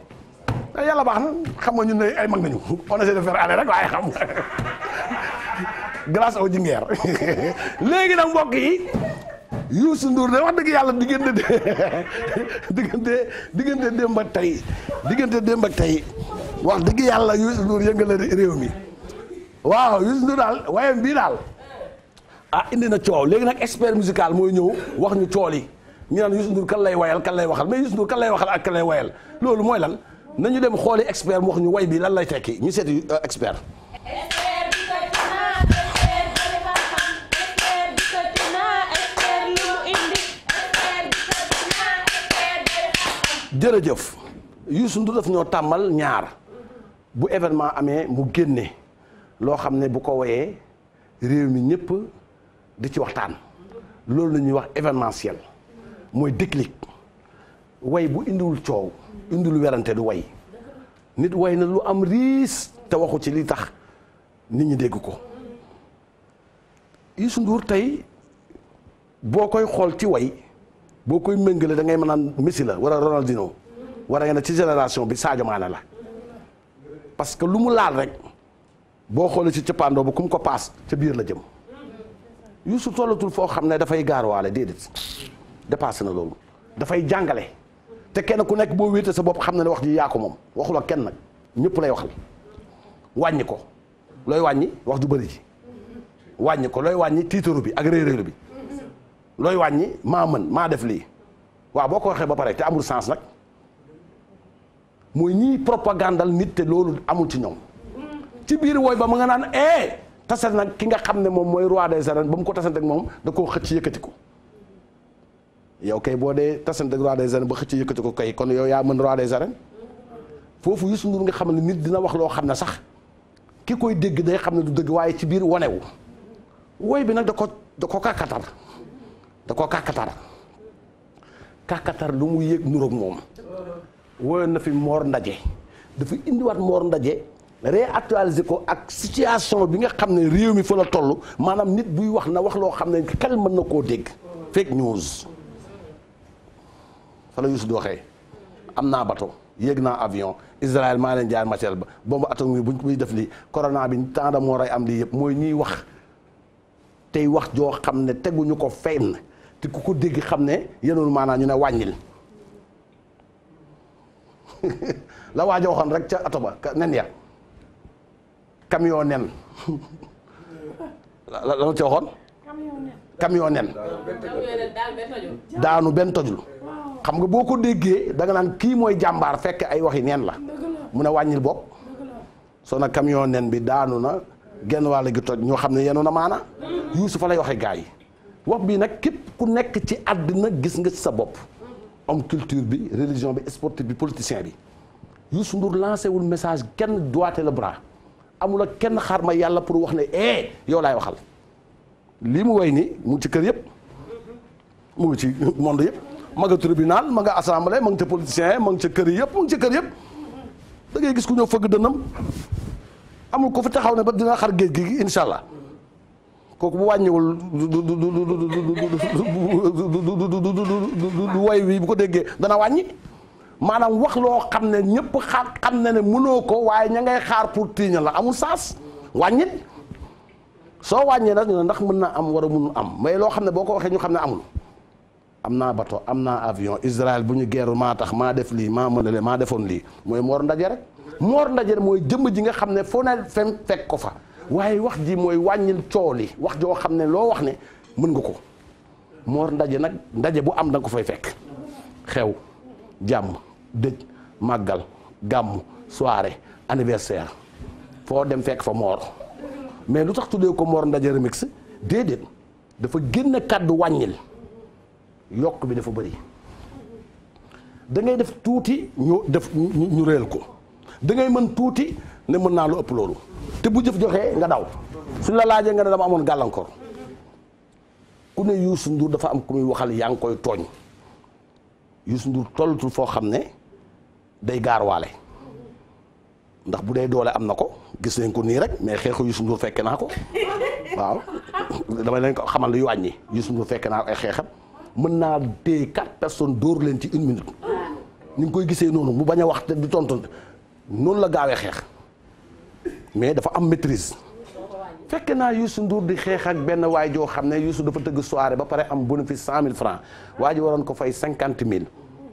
a yàlla baax na xam ñun ne ay mag nañu on essaie de faire aller rek waaye xam grâce au jingeer léegi nag mbokk Youssou Ndour de wax dëgg yàlla diggante diggante diggante démb ak tey diggante démb ak tey wax dëgg yàlla Youssou Ndour yëngale réew mi waaw Youssou Ndour daal wayam bii daal ah indi na coow léegi nag expert musical mooy ñëw wax ñu cool yi ñu naan Youssou Ndour kan lay wayal kan lay waxal mais Youssou Ndour kan lay waxal ak kan lay wayal loolu mooy lan nañu dem xooli expert mu wax ñu way bi lan lay tekki ñu seeti euh, expert. jërëjëf Youssou Ndour daf ñoo tàmbal ñaar bu événement amee mu génne loo xam ne bu ko woyee réew mi ñëpp di ci waxtaan loolu lañuy wax événement événementiel mooy déclic way bu indiwul coow indiwul werante du way nit way na lu am riis te waxu ci li tax nit ñi dégg ko Youssou Ndour tey boo koy xool ci way boo koy méngale da ngay mën naan Messi la wala Ronaldinho wara nga ci génération bi Sadio Mané la parce que lu mu laal rek boo xoolee ci cappaandoo ba ku ko paas ca biir la jëm yu su tollatul foo xam ne dafay gaar gaaruwaale déedéet dépassé na loolu dafay jàngale te kenn ku nekk boo wéete sa bopp xam na ne wax ji yaa moom waxul ak kenn nag ñëpp lay waxal wàññi ko looy wàññi wax ju bëri ji wàññi ko looy wàññi tiitaru bi ak réeréeru bi looy wàññi maa mën maa def lii waaw boo ko waxee ba pare te amul sens nag mooy ñiy propagandal nit te loolu amul ci ñoom ci biir wooy ba mu nga naan eh tasal nag ki nga xam ne moom mooy roi des arènes ba ko tasante ak moom da koo xëcc yëkkati ko yow kay boo dee tasante ak roi des arènes ba xëcc yëkkati ko kay kon yow yaa mën roi des arènes foofu Youssou Ndour nga xam ne nit dina wax loo xam ne sax ki koy dégg day xam ne du dëgg waaye ci biir wonewu wooy bi nag da ko da ko kakatar te ko kàkkatar kàkkatar lu mu yëg nuróog moom woyoon na fi moor ndaje dafa indiwaat moor ndaje réactualiser ko ak situation bi nga xam ne réew mi fa la toll maanaam nit buy wax na wax loo xam ne xel mën na koo dégg fake news fa la Youssou di waxee am naa bato yéeg naa avion Israël maa leen jaar matériel ba bombe atomique buñ buy def lii corona bi temps de moo rey am lii yëpp mooy ñuy wax tey wax joo xam ne teguñu ko na te ko dégg xam ne yenul maanaa ñu ne wàññil la waaja waxoon rek ca ato ba nen ya camion nen la la ca waxoon camion nen daanu benn tojul xam nga boo ko déggee danga nga naan kii mooy jàmbaar fekk ay waxi neen la mu ne wàññil bopp soo na camion nen bi daanu na genn wàll gi toj ñoo xam ne yenu na maana mm. yuusufa lay waxe gaa yi wax bii nag képp ku nekk ci àddina gis nga ci sa bopp homme culture bi religion bi sportif bi politicien bi Youssou Ndour lancé wul message kenn doigté le bras amula kenn xaar ma yàlla pour wax ne eh yow laay waxal lii mu way nii mu ngi ci kër yëpp mu ngi ci monde yëpp ma nga tribunal ma nga assemblée ma ngi ca politicien ma ngi ca kër yëpp ma nga ca kër yëpp da ngay gis ku ñëw fëgg dënam amul ko fi taxaw ne ba dina xar géej gi incha kooku bu wàññiwul du du du du du way wi bu ko déggee dana wàññi maanaam wax loo xam ne ñëpp xaar xam ne ne mënoo ko waaye ña ngay xaar pour tiiña la amul saas wàññit soo wàññee nag ñu ne ndax mën na am war a mun am mais loo xam ne boo ko waxee ñu xam ne amul am naa bateau am naa avion Israël bu ñu geeru maa tax maa def lii maa mënale maa defoon lii mooy moor ndaje rek moor ndaje mooy jëmm ji nga xam ne foo ne fem fekk ko fa waaye wax ji mooy wàññil coow li wax joo xam ne loo wax ne mën nga ko moor ndaje nag ndaje bu am da ko fay fekk xew jàmm dëj màggal gàmm soirée anniversaire foo dem fekk fa moor mais lu tax tuddee ko moor ndaje remix déedéet dafa génn kàddu wàññil yokk bi dafa bëri dangay def tuuti ñu def ñu réel ko dangay mën tuuti ne mën naa lu ëpp loolu te bu jëf joxee nga daw suñ la laajee nga ne dama amoon gàllankoor ku ne Youssou Ndour dafa am ku muy waxal yaa ngi koy tooñ Youssou Ndour tollatul foo xam ne day gaar waale ndax bu dee doole am na ko gis nañ ko nii rek mais xeexu Youssou Ndour fekke naa ko waaw dama leen ko xamal yu luy wàññi Youssou Ndour fekke naa ko ay xeexam mën naa téye quatre personnes dóor leen ci une minute ni koy gisee noonu bu bañ a wax te du tontu noonu la gaawee xeex. mais dafa am maîtrise fekk naa Youssou Ndour di xeex ak benn waay joo xam ne Youssou dafa tëgg soirée ba pare am bénéfice cent mille francs waa ji waroon ko fay cinquante mille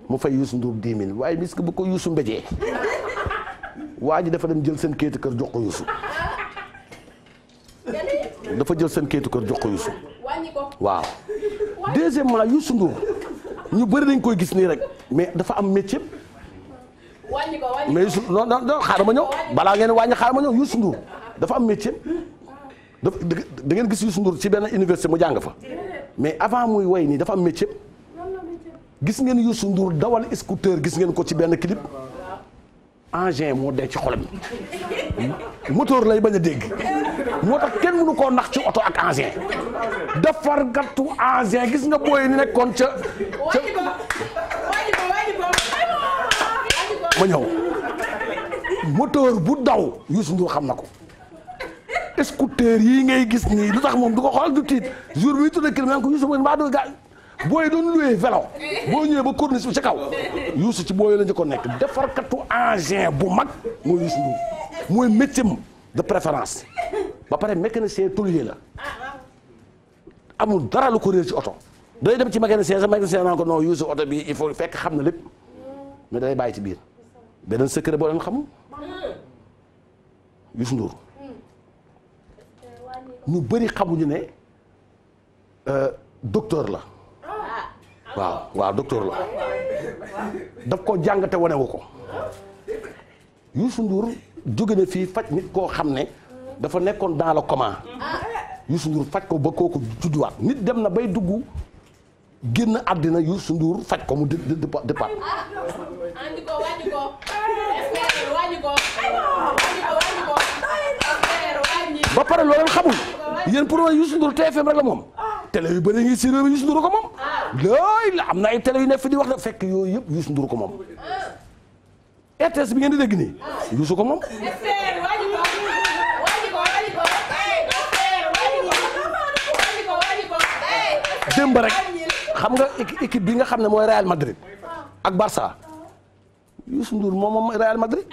mu fay Youssou Ndour dix mille waaye bis bu ko Youssou mbéjee waa ji dafa dem jël seen kayitu kër jox ko dafa jël seen kayitu kër jox ko Youssou waaw deuxièmement Youssou Ndour ñu bëri dañ koy gis nii rek mais dafa am métier wàññi ko mais Youssou non non xaaral ma ñëw balaa ngeen wàññi xaaral ma ñëw Youssou Ndour dafa am métier ah. dafa da ngeen gis Youssou Ndour ci benn université mu jàng fa mais avant muy woy nii dafa am métier gis ngeen Youssou Ndour dawal scooter gis ngeen ko ci benn clip engin moo dee ci xolam moteur lay bañ a dégg moo tax kenn mënu koo nax ci oto ak engin defar gàttu engin gis nga booy ni nekkoon ca ca ma ñëw moteur bu daw Youssou Ndour xam na ko scooter yii ngay gis nii lu tax moom du ko xool du tiit jour bi ñu tuddee kii ko Youssou mbaa booy doon loué vélo boo ñëwee ba corniche bi ci kaw Youssou ci booy la njëkkoon nekk defarkatu engin bu mag mooy Youssou Ndour mooy métier de préférence ba pare mécanicien tôlier la amul dara lu ko réer ci oto day dem ci mécanicien sa mécanicien naa ko non Youssou oto bi il faut fekk xam na lépp mais day bàyyi ci biir. beneen secret boo leen xam Youssou Ndour ñu bëri xamuñu ne euh, docteur la waaw waaw docteur la daf ko jàngate wanewu ko Youssou Ndour jóge na fii faj nit koo xam ne dafa nekkoon dans le coma Youssou Ndour faj ko ba kooku judduwaat nit dem na bay dugg génn àddina Youssou Nduur faj ko mu dë dë dëppaat pare loo leen xamul yéen pour Youssou Ndour TFM rek la moom télé yu bëri ngi si réew mi Youssou ko moom. looy la am na ay télé yu di wax rek fekk yooyu yëpp Youssou Ndour ko moom. RTS bi ngeen di dégg nga équipe bi nga xam ne mooy Real Madrid ak Barça Youssou Ndour moom moom Real Madrid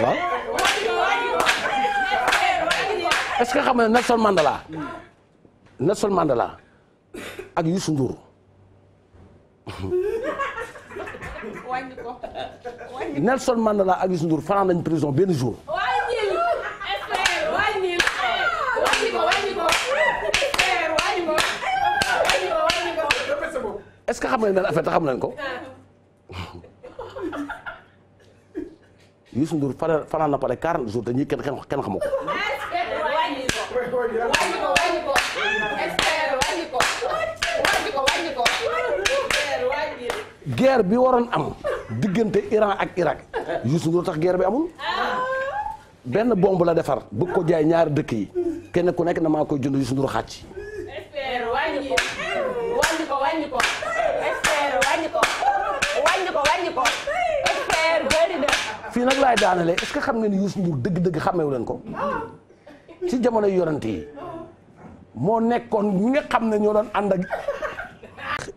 eh, est-ce que xam nga Nelson Mandela Nelson Mandela ak Youssou Ndour. wàññi ko ak Youssou Ndour fanaan nañ prison benn jour. wàññil espère wàññil. est-ce que xam nga ne affaire te xam nañ ko. Ah. Youssou Ndour fanaan na pare 40 jours te ñii kenn kenn xamu guerre bi waroon am diggante Iran ak Irak Youssou Ndour tax guerre bi amul benn bombe la defar bëgg ko jaay ñaari dëkk yi kenn ku nekk na maa koy jënd Youssou Ndour xàcc. ko wàññi ko wàññi ko na. fii nag laay daanalee est-ce que xam ngeen ni Youssou dëgg-dëgg xamewu leen ko ci jamono yonent yi moo nekkoon nga xam ne ñoo doon ànd ak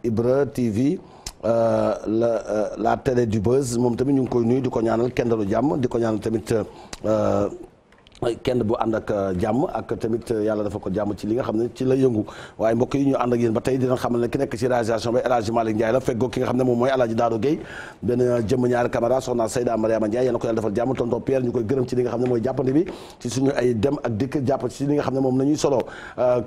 Ibra TV. Euh, la euh, la télé du buzz moom tamit ñu ngi koy nuyu di ko ñaanal kenn dalu jàmm di ko ñaanal tamit euh, kenn bu ànd ak jàmm ak tamit yàlla dafa ko jàmm ci li nga xam ne ci la yëngu waaye mbokk yi ñu ànd ak ba tey dina xam ne ki nekk ci réalisation ba El Hadj Malick Ndiaye la feggoo ki nga xam ne moom mooy El Hadj Daaro Gueye benn jëmm ñaari caméra soxna Seyda Mariama Ndiaye yéena ko yàlla defal jàmm tonton Pierre ñu koy gërëm ci li nga xam ne mooy jàppandi bi ci suñu ay dem ak dikk jàpp ci li nga xam ne moom la ñuy solo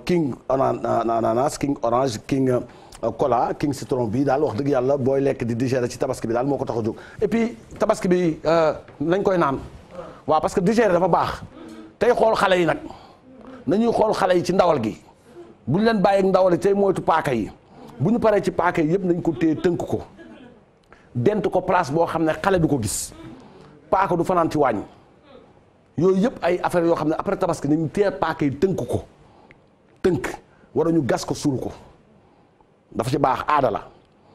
King ananas King orange King Euh, kola king citron bi daal wax dëgg yàlla booy lekk di digérer ci tabaski bi daal moo ko tax a jóg et puis tabaski bi euh, nañ koy naan waaw parce que digérer dafa baax tey xool xale yi nag nañuy xool xale yi ci ndawal gi bu ñu leen bàyyi ak ndawal yi tey paaka yi bu ñu paree ci paaka yi yëpp nañ ko téye tënk ko dent ko place boo xam ne xale du ko gis paaka du fanaan ci wàññ yooyu yëpp ay affaire yoo xam ne après tabaski nañu téye paaka yi tënk ko tënk wala ñu gas ko suul ko dafa ci baax aada la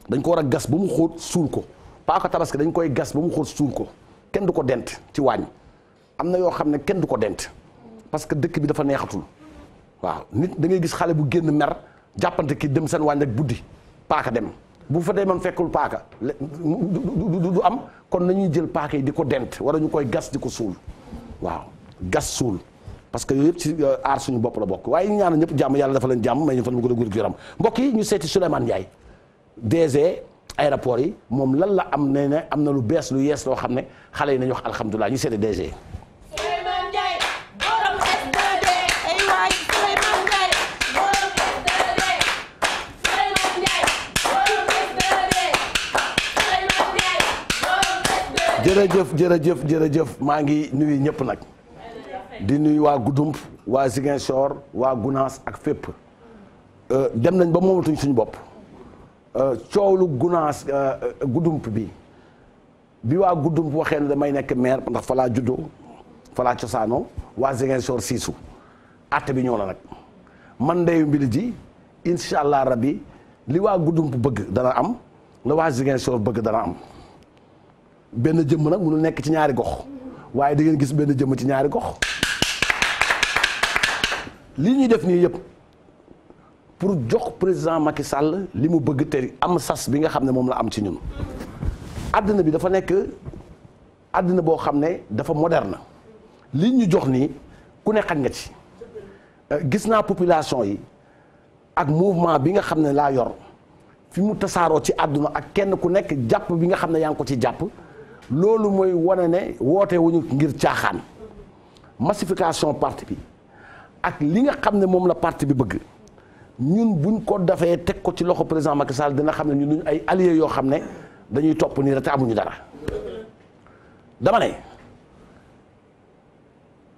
dañ ko war a gas ba mu xóot suul ko paaka tabaski dañ koy gas ba mu xóot suul ko kenn du ko dent ci waañ am na yoo xam ne kenn du ko dent parce que dëkk bi dafa neexatul waaw nit da ngay gis xale bu génn mer jàppante ki dem seen waañ rek buddi paaka dem bu fa dee demoon fekkul paaka du am kon nañuy jël paaka yi di ko dent wala ñu koy gas di ko suul waaw gas suul parce que yëpp ci euh, aar suñu bopp la bokk waaye ñaan ñëpp jàmm yàlla dafa leen jàmm may ñu fan mu gën a gudd yaram mbokk yi ñu seeti Souleymane Ndiaye DG aéroport yi moom lan la am ne ne am na lu bees lu yees loo xam ne xale yi nañu wax alhamdulilah ñu seeti DG. jërëjëf jërëjëf jërëjëf maa ngi nuyu ñëpp nag di nuyu waa Goudomp waa Ziguinchor waa Gounass ak fépp euh, dem nañ ba moomatuñ suñu bopp euh, coowlu Gounass euh, Goudomp bi bi waa Goudomp waxee ne damay nekk maire ndax falaa juddoo falaa cosaanoo waa Ziguinchor siisu àtte bi ñoo la nag man ndeyu mbili ji incha allah rabbi li waa Goudomp bëgg dana am la waa Ziguinchor bëgg dana am benn jëmm nag mënul nekk ci ñaari gox waaye di ngeen gis benn jëmm ci ñaari gox li ñuy def nii yëpp pour jox président Macky Sall li mu bëgg te am sas bi nga xam ne moom la am ci ñun àdduna bi dafa nekk àdduna boo xam ne dafa moderne li ñu jox nii ku ne ak nga ci euh, gis naa population yi ak mouvement bi nga xam ne laa yor fi mu tasaaroo ci àdduna ak kenn ku nekk jàpp bi nga xam ne yaa ngi ko ci jàpp loolu mooy wane ne woote wuñu ngir caaxaan massification parti bi ak li nga xam ne moom la parti bi bëgg ñun buñ ko dafee teg ko ci loxo président Macky Sall dina xam ne ñun duñ ay alliés yoo xam ne dañuy topp nii rek te amuñu dara dama ne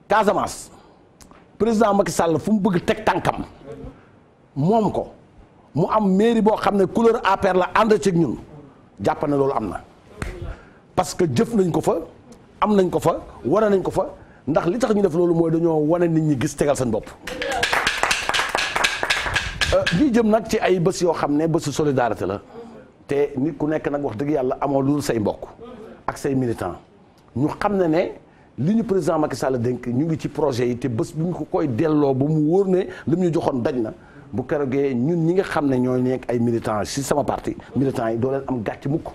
Casamance président Macky Sall fu mu bëgg teg tànkam moom ko mu am mairie boo xam ne couleur APR la ànd ci ñun jàpp ne loolu am na parce que jëf nañ ko fa am nañ ko fa wane nañ ko fa. ndax li tax ñu def loolu mooy dañoo wane nit ñi gis tegal seen bopp. lii euh, jëm nag ci ay bés yoo xam ne bésu solidarité la te nit ku nekk nag wax dëgg yàlla amoo lu say mbokk ak say militants ñu xam ne ne li ñu président Macky Sall dénk ñu ngi ci projet yi te bés bu ñu ko koy delloo ba mu wóor ne li mu ñu joxoon daj na bu keroogee ñun ñi nga xam ne ñoo nekk ay militants si sama parti militants yi doo leen am gàcc mukk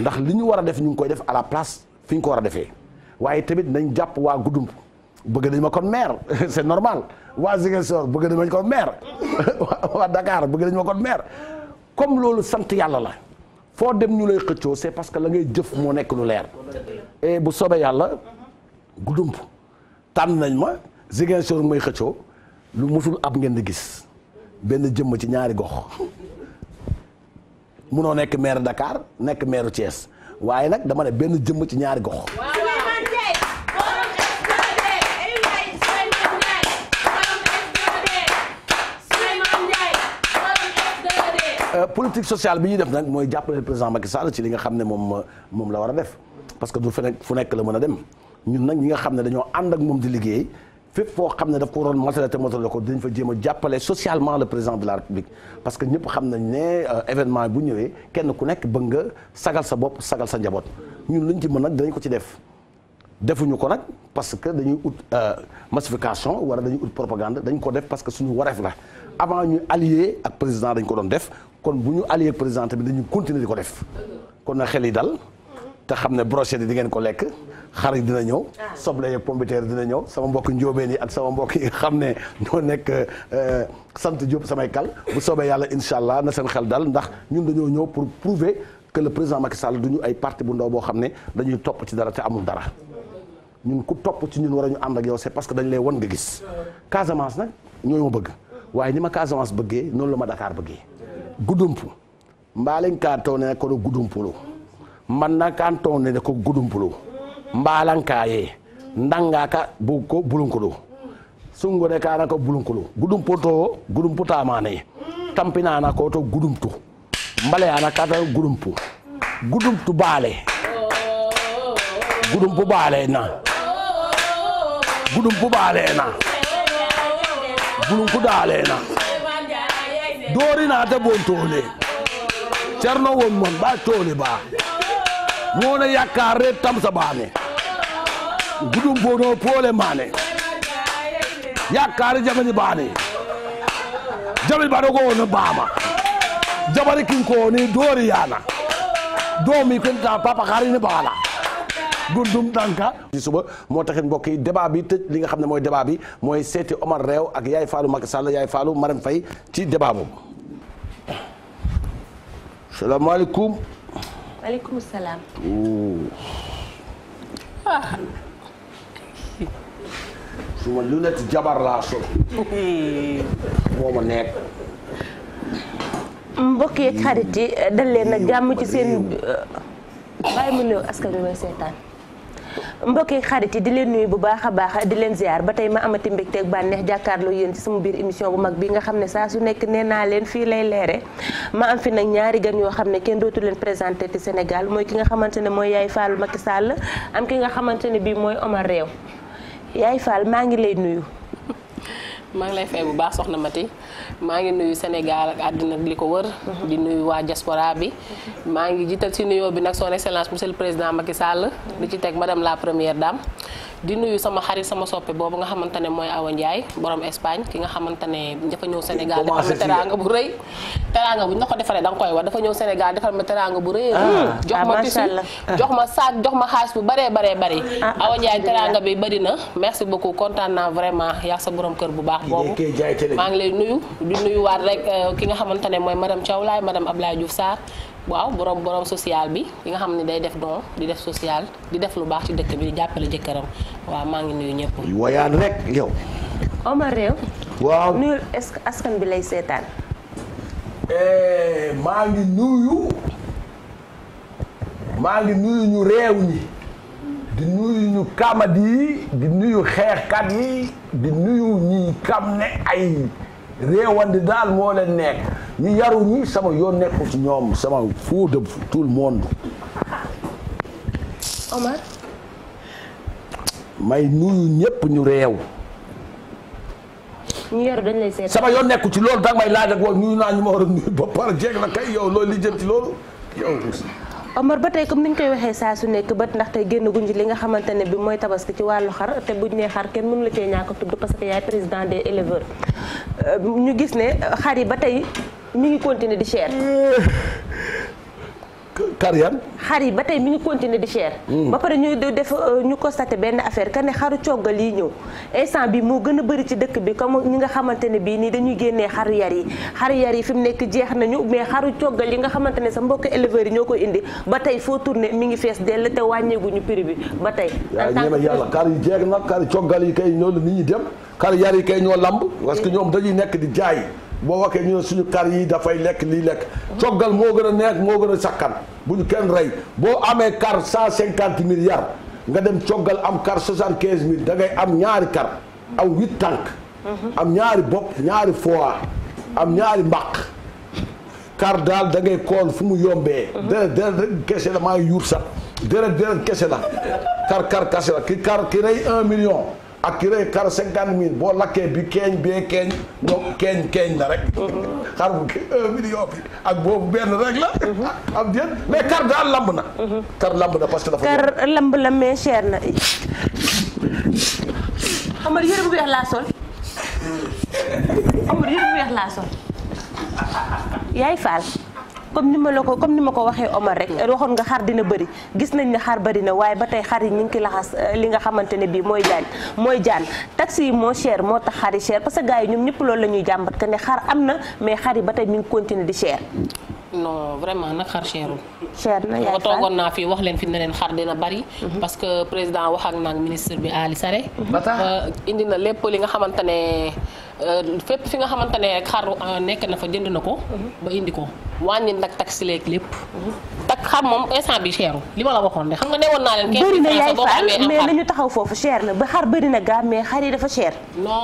ndax li ñu war a def ñu ngi koy def à la place fi ñu ko war a defee. waaye tamit nañ jàpp waa Goudomp bëgg nañ ma kon maire c'est normal waa Ziguinchor bëgg nañ ma kon maire waa Dakar bëgg nañ ma kon maire comme loolu sant yàlla la foo dem ñu lay xëccoo c'est parce que la ngay jëf moo nekk lu leer et bu soobee yàlla Goudomp tànn nañ ma Ziguinchor mooy xëccoo lu musul ab ngeen di gis benn jëmm ci ñaari gox munoo nekk maire Dakar nekk maire Thiès waaye nag dama ne benn jëmm ci ñaari gox Euh, politique sociale bi ñuy def nag mooy jàppale président Macky Sall ci li nga xam ne moom moom la war a def parce que du fu nekk fu nekk la mën a dem ñun nag ñi nga xam ne dañoo ànd ak moom di liggéey fépp foo xam ne daf ko waroon matériel te matériel ko dinañ fa jéem a jàppale socialement le président de la république parce que ñëpp xam nañ ne euh, événement bu ñëwee kenn ku nekk bëgg nga sagal sa bopp sagal sa njaboot ñun luñ ci mën nag dinañ ko ci def. defuñu ko nag parce que dañuy ut euh, massification wala dañuy ut propagande dañ ko def parce que suñu wareef la avant ñu allié ak président dañ ko doon def kon bu ñu allié ak président tamit dañuy continuer di ko def kon na xel yi dal te xam ne brochette yi di ngeen ko lekk xar yi dina ñëw soble yeeg pombiteer dina ñëw sama mbokk njóobeen yi ak sama mbokk yi xam ne ñoo nekk euh, sant Diop samay kal bu soobee yàlla incha allah na seen xel dal ndax ñun dañoo ñëw pour prouver que le Sall du ay parti bu ndaw boo xam ne dañuy topp ci dara te amul dara ñun ku topp ci ñun war ñu ànd ak yow c'est parce que dañ lay won nga gis Casamance nag ñooñu ma bëgg waaye ni ma Casamance bëggee noonu la ma dakaar bëggee gudumpu mbaalen kanto ne kono gudumpulu mbanna kanto ne ko gudumpulu mbalankaye ndanga ka bu ko bulunkulu sungone kana ko bulunkulu gudumpoto gudumputa mane tampinana ko gudumpu baale oh. gudumpu baale na gudum buɓaaleena bulum kuɗaaleena doorinaate bon toole ceerno won mon ɓa toole baa moone yakkaar reet tamsa baane gudum bono poole maane yakkaari jamani baane jamani baɗogo wono baama jabari kinkooni dooriyaana doomi kenta papa karini baala gundum dànka ci suba moo taxit mbokk yi débat bi tëj li nga xam ne mooy débat bi mooy seeti Omar Reew ak Yaay Faalu Macky Sall Yaay Faalu Marème ci débat boobu salaamaaleykum maaleykum salaam ah. suma lunette nekk mbokk xarit yi dal leen a jàmm ci seen uh, bàyyi mu néew askan wi may seetaan mbokki xarit yi di leen nuyu bu baax a baax di leen ziar ba tey ma amati mbégteeg bànneex jàkkaarloo yéen ci sama biir émission bu mag bi nga xam ne saa su nekk nee naa leen fii lay leere ma am fi nag ñaari gan yoo xam ne kenn dootu leen présenté ci Sénégal mooy ki nga xamante ne mooy Yaay Fall Macky Sall am ki nga xamante ne bii mooy Omar Réew Yaay Fall maa ngi lay nuyu. maa ngi lay fay bu baax soxna Mati maa ngi nuyu Sénégal ak àddina li ko wër. di nuyu waa diaspora bi. maa ngi jiital si nuyoo bi nag son excellence monsieur le président Macky Sall. di ci teg madame la première dame. di nuyu sama xarit sama soppe boobu nga xamante ne mooy Awa Ndiaye borom Espagne ki nga xamante ne dafa ñëw Sénégal defal ma teraanga bu rëy teraanga bu ñu la ko defalee da nga koy dafa ñëw Sénégal defal ma teraanga bu rëy ah, jox ma ah, tissu jox ma saak jox ma xaalis bu baree baree bari ah, Awa Ndiaye teraanga bi bari na merci beaucoup kontaan naa vraiment yaa sa borom kër bu baax boobu maa ngi lay nuyu di nuyu waat rek euh, ki nga xamante ne mooy madame Thiaw Laye madame Abdoulaye Diouf Sarr waaw borom boroom social bi yi nga xam ni day def don di def social di def lu baax ci dëkk bi di jàppale jëkkëram waaw maa ngi nuyu ñëpp. woyaan rek yow. Omar Rew. waaw nuyul est-ce que askan bi lay seetaan. Eh, maa ngi nuyu. maa ngi nuyu ñu réew ñi. di nuyu ñu kaamat yi di nuyu xeexkat yi di nuyu ñi kam ne ay réewandi daal moo leen nekk. ñi yaru ñi sama yoon nekkul ci ñoom sama fou de tout le monde. Omar. may nuyu ñëpp ñu réew. ñu yaru dañ lay seet. sama yoon nekku ci loolu danga may laaj ak wax nuyu naa ñu ma war a nuyu ba pare jeeg la kay yow loolu li jëm ci loolu yow. tey comme ni ñu koy waxee saa su nekk ba ndax tey ci li nga xamante ne bi mooy tabaski ci wàllu xar buñ nee xar kenn la cee ñàkk tudd parce que yaay président des éleveurs euh, ñu gis ne xar yi ba tey. mi ngi continuer di cher. xar yan. xar yi ba tey mi ngi continuer di cher. Hmm. ba pare euh, ñu def ñu ko constaté benn affaire que ne xaru coggal yi ñëw instant bi moo gën a bëri ci dëkk bi comme ñi nga xamante ne bii nii dañuy génnee xaru yar yi xaru yar yi fi mu nekk jeex nañu mais xaru coggal yi nga xamante ne sa mbokk éleveurs yi ñoo ko indi ba tey foo turne mi ngi fees dell te wàññeeguñu prix bi ba tey. en tant que yàlla xar yi jeex na xar coggal yi kay ñoo nit boo waxee ñu ne suñu kar yi dafay lekk lii lekk coggal moo gën a neex moo gën a sakkan bu ñu kenn rey boo amee kar cent cinquante milliards nga dem coggal am kar soixante quinze mille da ngay am ñaari kar am huit tànk mhm. am ñaari bopp ñaari foie am ñaari mbaq kar daal da ngay kool fu mu yombee mhm. deret deret rek kese la maa yuur sax deret deret kese la kar kar kese la ki kar ki rey un million ak rëy xar cinquante boo lakkee bi keeñ bee keeñ ñoom keeñ keeñ la rek xar bu un million bi ak boobu benn rek la am mais kar daal lamb na kar lamb na parce que dafa lamb la mais na Omar yére bu weex laa sol yaay Fall comme ni ma la ko comme ni ma ko waxee Omar rek waxoon nga xar dina bëri gis nañ ne xar bari na waaye ba tey xar yi ñu ngi laxas euh, li nga xamante ne bii mooy jaan mooy jaan taxi yi moo cher moo tax xar yi cher parce que gars yi ñoom ñëpp loolu la ñuy jàmbat que ne xar am na mais xar yi ba tey mi di cher non vraiment nag xar cherul cher na yaay toogoon naa fii wax leen fi ne leen xar dina bari mhm. parce que président wax ak naag ministre bi Ali Sare euh, indi na lépp li nga xamante ne Euh, fépp fi nga xamante ne xaru euh, nekk na fa jënd na ko. ba indi ko wàññi nag tax si léegi lépp. tak xar moom instant bi cher li ma la waxoon de xam nga newoon naa leen. bëri na yaay faal mais nañu taxaw foofu cher na ba xar bëri na gaa mais xar yi dafa cher. non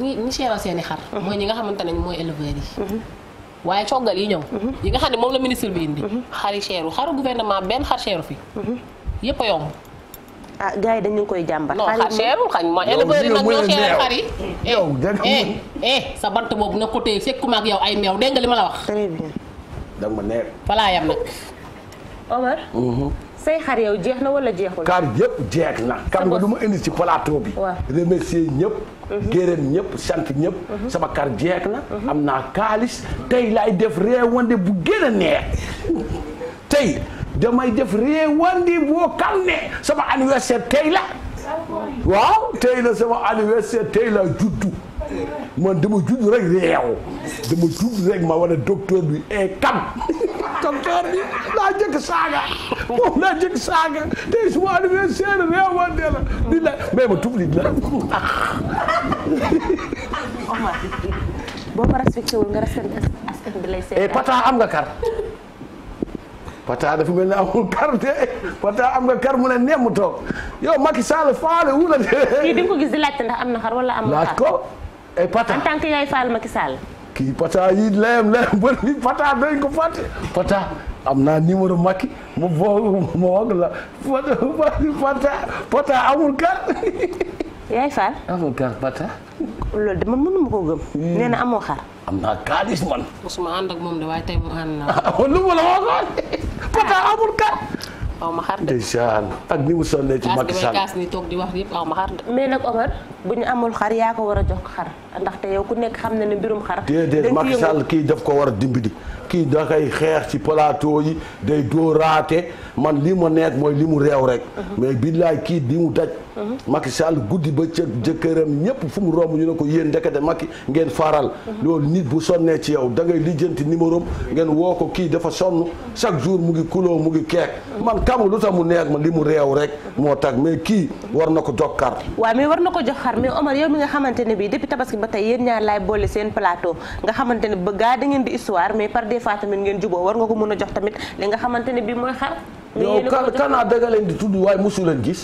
ñi ñi cheral seen i xar. Mhm. mooy ñi nga xamante ne mooy éleveurs yi. Mhm. waaye coggal yi ñëw. Mhm. yi nga xam ne moom la ministre bi indi. xar yi cheru xaru gouvernement benn xar cheru fi. yëpp a yomb. ah gars yi dañu koy jàmbat. xar seerul xañ mooy éleveur yi nag ñoo seeral xar yi. yow eh, eh, eh, sa bant boobu na ko téye fekkuma ak yow ay meew dégg nga li ma la wax. très bien. da ma neex. falaa yam nag. Omar. Mhm. say xar yow jeex na wala jeexul. kaar yëpp jeex na. xam nga lu ma indi ci plateau bi. waaw remercier ñëpp. Mhm. gërëm ñëpp sant ñëpp. Mhm. sama kaar jeex na. am naa kaalis. tey laay def réewande bu gën a neex tey. damay def réewandi boo xam ne sama anniversaire tey waaw tey la sama anniversaire tey man dama judd rek réew dama judd rek ma wala docteur bi e eh, kam docteur bi laa jëkk saaga moom laa jëkk saaga tey suma anniversaire réew man de la ma tubli la boo ma respecté eh, am nga kar Pata dafa mel ne amul kar de Pata am nga kar mu ne nemm toog yow Macky Sall faale wu la de. kii di nga ko gis di laajte ndax am na xar wala amul xar laaj ko. ay Pata en tant que yaay faal Macky Sall. kii Pata yi layam layam ba ni Pata dañ ko fàtte Pata am naa numéro Macky ma boo ma wax la Pata Pata amul kar. yaay faal amul kar Pata. loolu de man mënuma koo gëm. Hmm. nee na amoo xar. am naa kaalis man. mosuma ànd ak moom de waaye tey mu ànd naa. ah lu ma la waxoon. pata amul kat. aw ak ni mu sonnee ci Macky Sall kaas ni toog di wax yëpp mais nag bu ñu amul xar yaa ko war a jox xar ndaxte yow ku nekk xam na ne mbirum xar. déedéet Macky Sall kii def ko war a dimbali. kii da koy xeex ci plateau yi day dóoraate man li ma nekk mooy li mu reew rek uh-huh. mais billaay kii di mu daj uh-huh. Macky Sall guddi ba ca jëkkëram ñëpp fu mu romb ñu ne ko yéen ndekete Macky ngeen faral uh-huh. loolu nit bu sonnee ci yow da ngay lijjanti numéro ngeen woo ko kii dafa sonn chaque jour mu ngi kuloo mu ngi keek man kam lu tax mu nekk ma li mu réew rek moo tax mais kii war na ko jox xar waaw mais war na ko jox xar mais Omar yow mi nga xamante bi bii depuis tabaski tey yéen ñaar laay boole seen plateau nga xamante des fois tamit ngeen juboo war nga ko mën a jox tamit li nga xamante ne bii mooy xar. mais yéen a ko leen di tudd waaye mosu leen gis.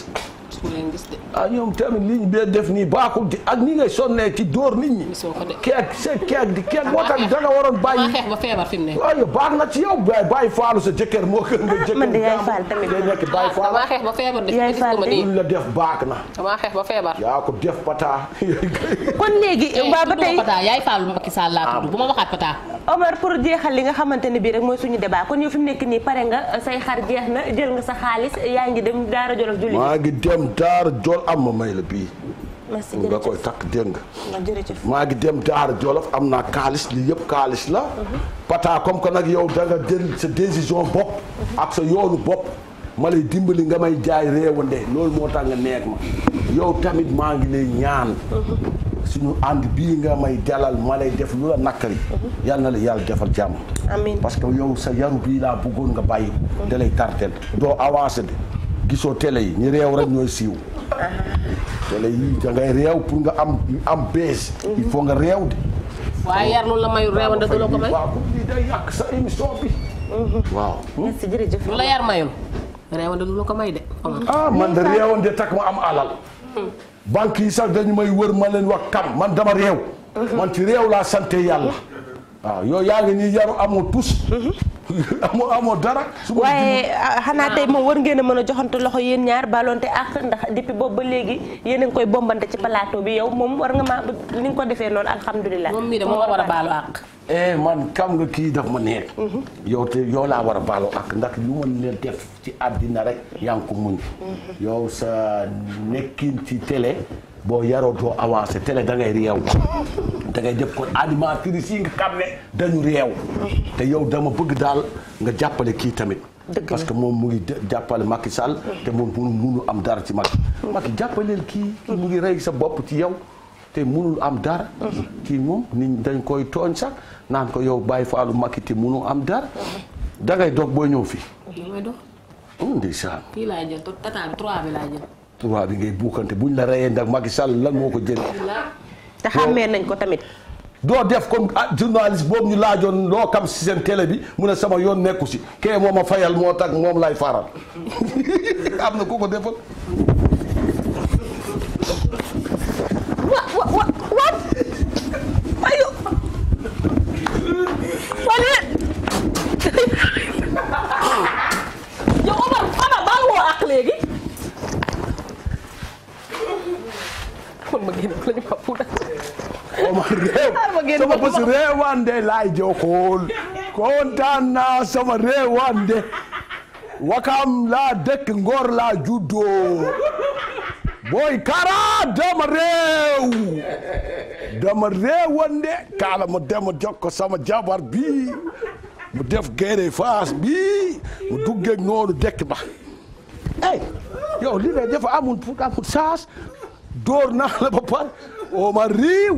ku leen gis de. ah ñoom tamit li ñu bee def nii baaxul di ak ni ngay sonnee ci dóor nit ñi. gisoo ko de keeg keeg keeg keeg moo tax danga waroon bàyyi. xeex ba feebar fi mu ne. na ci yow bàyyi faalu sa jëkkër moo gën nga ah, jëkkër. man de yaay faal tamit day nekk bàyyi ah, faal. damaa xeex ba feebar de. yaay faal la def baax na. damaa xeex ba feebar. yaa ko def pataa. kon léegi. waa yaay faal Macky Sall laa tudd ah. bu ma waxaat pataa. Omar pour jeexal li nga xamante ne bii rek mooy suñu débat kon yow fi nekk nii pare nga say xar jeex na jël nga sa xaalis yaa ngi dem daara Jolof julli maa daara jool am ma may la bii merci nga koy takk dégg ah, maa ngi dem daara jolof am naa kaalis li yëpp kaalis la mhm. pata comme que nag yow da nga sa décision bopp mhm. ak sa yoonu bopp ma lay dimbali nga may jaay réewande loolu moo tax nga neeg ma yow tamit maa ngi lay ñaan mhm. suñu ànd bii nga may jalal ma lay def lu la nakkari yal na la yàlla defal jàmm amiin parce que yow sa yaru bii laa bëggoon nga bàyyi da lay doo avancé de gisoo télé yi ñu réew rek ñooy siiw télé yi da ngay pour nga am am bees il faut nga réew de waaye yar loolu la mayu réew da du la ko may waaw lii day yàq sa émission bi waaw merci lu la ko may de ah man de réewande ma am alal banque yi sax dañu may wër ma leen wax kam man dama réew man ci réew laa sant yàlla waaw yow yaa ngi nii yaru amoo tus amoo amoo dara. waaye ah, xanaa tey moom war ngeen a mën a joxante loxo yéen ñaar baalonte ak ndax depuis boobu ba léegi yéen a ngi koy bombante ci plateau bi yow moom war nga maa ni nga ko defee noonu alhamdulilah. moom mii dama war a baalu ak. eh man kam nga kii daf ma neex. Mhm. yow te yow laa a baalu ak ndax lu ma leen def ci àddina rek yaa ngi ko muñ. Mhm. yow sa nekkin ci télé. boo yaroo doo avancé télé da ngay réew da ngay def kon animatrice yi nga xam ne dañu réew te yow dama bëgg daal nga jàppale kii tamit parce que moom mu ngi jàppale makki Sall te moom munu munu am dara ci Macky Macky jàppaleel kii mu ngi rey sa bopp ci yow te munul am dara kii moom nit dañ koy tooñ sax naan ko yow bàyyi faalu Macky te munu am dara da ngay doog boo ñëw fii tubaab bi ngay buukante buñ la reyee ndax Macky Sall lan moo ko jël. te xàmmee nañ ko tamit. doo def comme ah, journaliste boobu ñu laajoon loo kam si seen télé bi mu ne sama yoon nekku si kee moo ma fayal moo tax moom lay faral am na ku ko defal. ma génn ku la ñu ma puuta oma réew sama bos réewande laay jokkool kontaan naa sama réewande wakam laa dëkk ngor laa juddoo boy kara dama réew dama réewande kaala ma dema jokko sama jabar bi mu def gere faas bi mu duggeeg noonu dëkk ba ey yow li ne dafa amul amul saas door naa la ba pare oo oh, ma réew